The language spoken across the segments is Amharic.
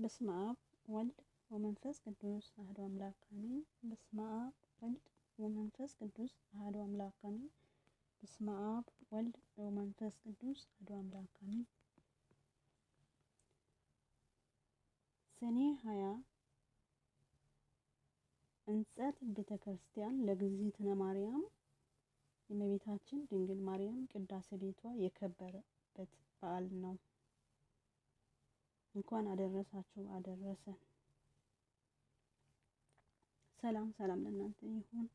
በስመ አብ ወልድ ወመንፈስ ቅዱስ አሐዱ አምላክ አሜን። በስመ አብ ወልድ ወመንፈስ ቅዱስ አሐዱ አምላክ አሜን። በስመ አብ ወልድ ወመንፈስ ቅዱስ አሐዱ አምላክ አሜን። ሰኔ ሀያ እንጸት ቤተ ክርስቲያን ለግዝእትነ ማርያም የእመቤታችን ድንግል ማርያም ቅዳሴ ቤቷ የከበረበት በዓል ነው። እንኳን አደረሳችሁ አደረሰን። ሰላም ሰላም ለእናንተ ይሁን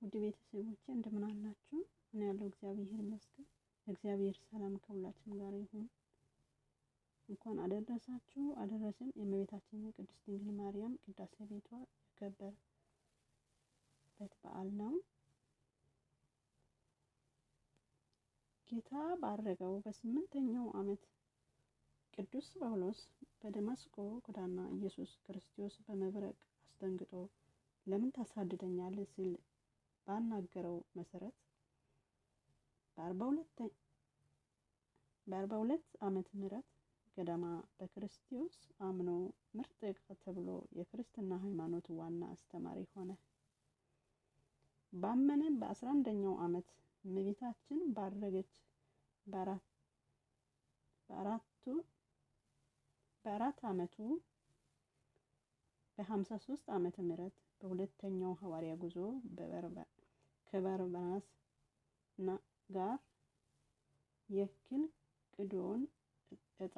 ውድ ቤተሰቦቼ፣ እንደምን አላችሁ? እኔ ያለው እግዚአብሔር ይመስገን። እግዚአብሔር ሰላም ከሁላችን ጋር ይሁን። እንኳን አደረሳችሁ አደረሰን። የእመቤታችን የቅድስት ድንግል ማርያም ቅዳሴ ቤቷ የተከበረበት በዓል ነው። ጌታ ባረገው በስምንተኛው ዓመት ቅዱስ ጳውሎስ በደማስቆ ጎዳና ኢየሱስ ክርስቶስ በመብረቅ አስደንግጦ ለምን ታሳድደኛል ሲል ባናገረው መሰረት በአርባ ሁለት ዓመተ ምህረት ገደማ በክርስቶስ አምኖ ምርጥ ዕቃ ተብሎ የክርስትና ሃይማኖት ዋና አስተማሪ ሆነ። ባመነ በአስራ አንደኛው ዓመት እመቤታችን ባረገች በአራቱ በአራት ዓመቱ በ53 ዓመተ ምህረት በሁለተኛው ሐዋርያ ጉዞ ከበርባስ ጋር የክል ቅዶን እጣ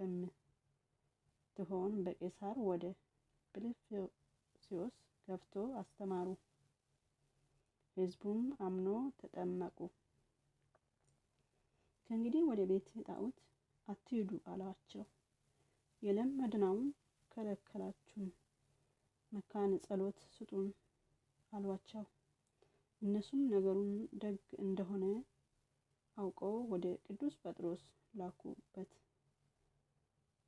በምትሆን በቄሳር ወደ ጵልፍስዮስ ገብቶ አስተማሩ። ህዝቡም አምኖ ተጠመቁ። ከእንግዲህ ወደ ቤተ ጣዖት አትሂዱ አሏቸው። የለመድናውን ከለከላችሁን፣ መካነ ጸሎት ስጡን አሏቸው። እነሱም ነገሩን ደግ እንደሆነ አውቀው ወደ ቅዱስ ጴጥሮስ ላኩበት።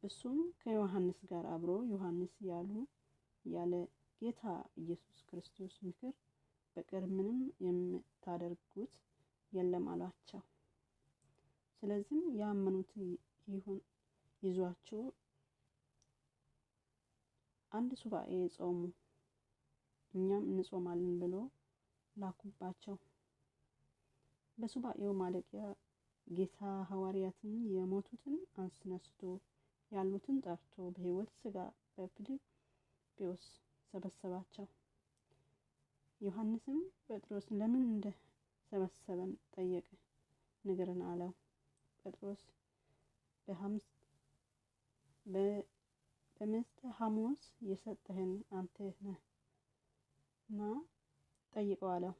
እሱም ከዮሐንስ ጋር አብሮ ዮሐንስ ያሉ ያለ ጌታ ኢየሱስ ክርስቶስ ምክር በቀር ምንም የምታደርጉት የለም አሏቸው። ስለዚህም ያመኑት ይሁን ይዟቸው አንድ ሱባኤ ጾሙ። እኛም እንጾማለን ብሎ ላኩባቸው። በሱባኤው ማለቂያ ጌታ ሐዋርያትን የሞቱትን አስነስቶ ያሉትን ጠርቶ በሕይወት ሥጋ በፊልጶስ ሰበሰባቸው። ዮሐንስም ጴጥሮስ ለምን እንደ ሰበሰበን ጠየቀ፣ ንገረን አለው። ጴጥሮስ በሀምስ በምስተ ሐሙስ የሰጠህን አንተ ነህ እና ጠይቀው አለው።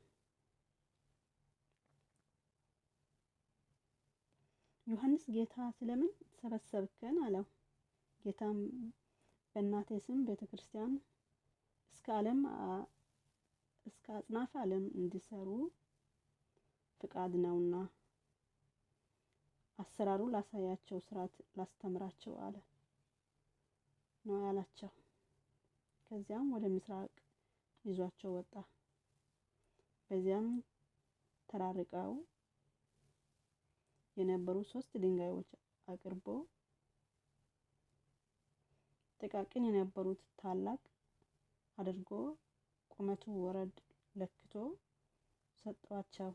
ዮሐንስ ጌታ ስለምን ሰበሰብክን አለው። ጌታም በእናቴ ስም ቤተ ክርስቲያን እስከ ዓለም እስከ አጽናፈ ዓለም እንዲሰሩ ፍቃድ ነውና አሰራሩ ላሳያቸው፣ ስርዓት ላስተምራቸው አለ። ነው ያላቸው። ከዚያም ወደ ምስራቅ ይዟቸው ወጣ። በዚያም ተራርቀው የነበሩ ሶስት ድንጋዮች አቅርቦ ጥቃቅን የነበሩት ታላቅ አድርጎ ቁመቱ ወረድ ለክቶ ሰጧቸው።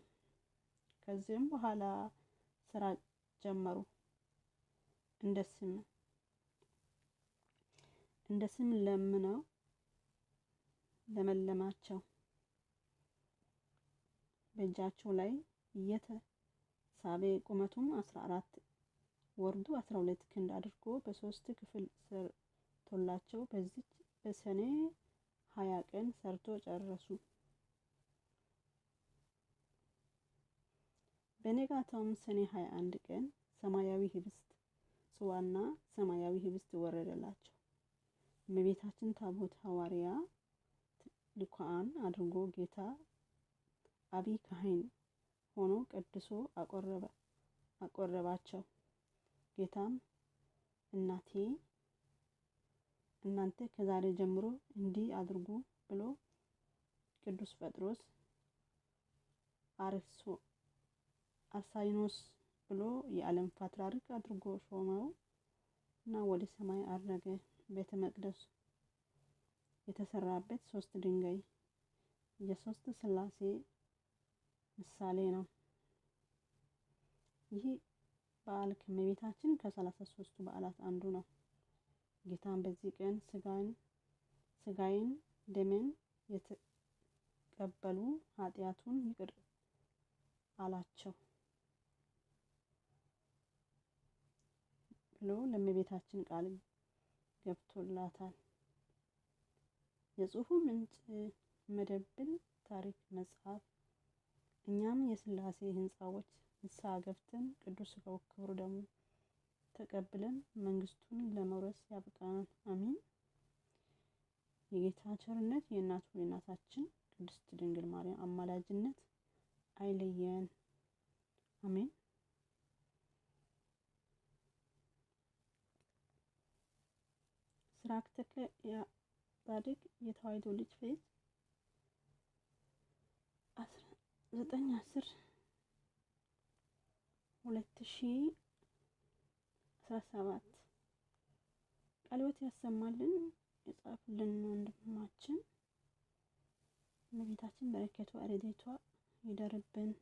ከዚህም በኋላ ስራ ጀመሩ እንደ ስም እንደ ስም ለምነው ለመለማቸው በእጃቸው ላይ እየተሳበ ቁመቱም 14 ወርዱ 12 ክንድ አድርጎ በሶስት ክፍል ሰርቶላቸው በዚች በሰኔ 20 ቀን ሰርቶ ጨረሱ። በነጋታውም ሰኔ 21 ቀን ሰማያዊ ህብስት ጽዋና ሰማያዊ ህብስት ወረደላቸው። እመቤታችን ታቦት ሐዋርያ ልኳን አድርጎ ጌታ አቢይ ካህን ሆኖ ቀድሶ አቆረባቸው። ጌታም እናቴ እናንተ ከዛሬ ጀምሮ እንዲህ አድርጉ ብሎ ቅዱስ ጴጥሮስ አርሳይኖስ ብሎ የዓለም ፓትርያርክ አድርጎ ሾመው። እና ወደ ሰማይ አረገ። ቤተ መቅደስ የተሰራበት ሶስት ድንጋይ የሶስት ስላሴ ምሳሌ ነው። ይህ በዓል ከእመቤታችን ከሰላሳ ሶስቱ በዓላት አንዱ ነው። ጌታን በዚህ ቀን ስጋን ስጋይን ደምን የተቀበሉ ኃጢአቱን ይቅር አላቸው። ብሎ ለእመቤታችን ቃል ገብቶላታል። የጽሑፉ ምንጭ መደብል ታሪክ መጽሐፍ። እኛም የስላሴ ህንፃዎች ንስሐ ገብተን ቅዱስ ሥጋው ክቡር ደሙ ተቀብለን መንግስቱን ለመውረስ ያብቃናል። አሚን። የጌታ ቸርነት የእናቱ የእናታችን ቅድስት ድንግል ማርያም አማላጅነት አይለየን። አሜን። Charaktere ኢህአዴግ የተዋሕዶ ልጅ ፌዝ ዘጠኝ አስር ሁለት ሺ አስራ ሰባት ቃልዎት ያሰማልን የጻፉልን ወንድማችን እመቤታችን በረከቷ ረድኤቷ ይደርብን።